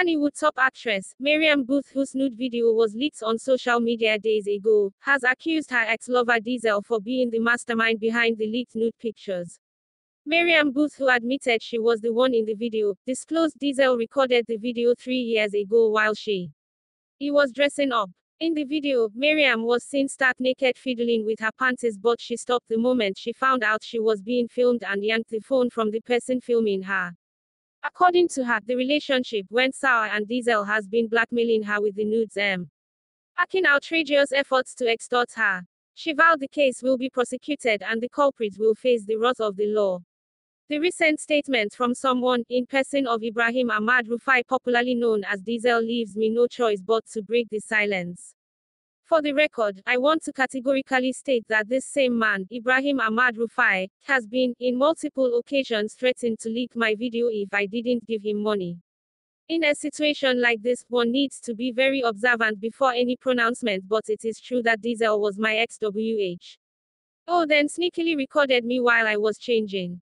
Hollywood top actress, Miriam Booth, whose nude video was leaked on social media days ago, has accused her ex-lover Diesel for being the mastermind behind the leaked nude pictures. Miriam Booth, who admitted she was the one in the video, disclosed Diesel recorded the video three years ago while she he was dressing up. In the video, Miriam was seen stark naked fiddling with her panties but she stopped the moment she found out she was being filmed and yanked the phone from the person filming her. According to her, the relationship went sour and Diesel has been blackmailing her with the nudes M. Um, Backing outrageous efforts to extort her. She vowed the case will be prosecuted and the culprit will face the wrath of the law. The recent statement from someone in person of Ibrahim Ahmad Rufai, popularly known as Diesel, leaves me no choice but to break the silence. For the record, I want to categorically state that this same man, Ibrahim Ahmad Rufai, has been, in multiple occasions, threatened to leak my video if I didn't give him money. In a situation like this, one needs to be very observant before any pronouncement, but it is true that Diesel was my ex-WH. Oh, then sneakily recorded me while I was changing.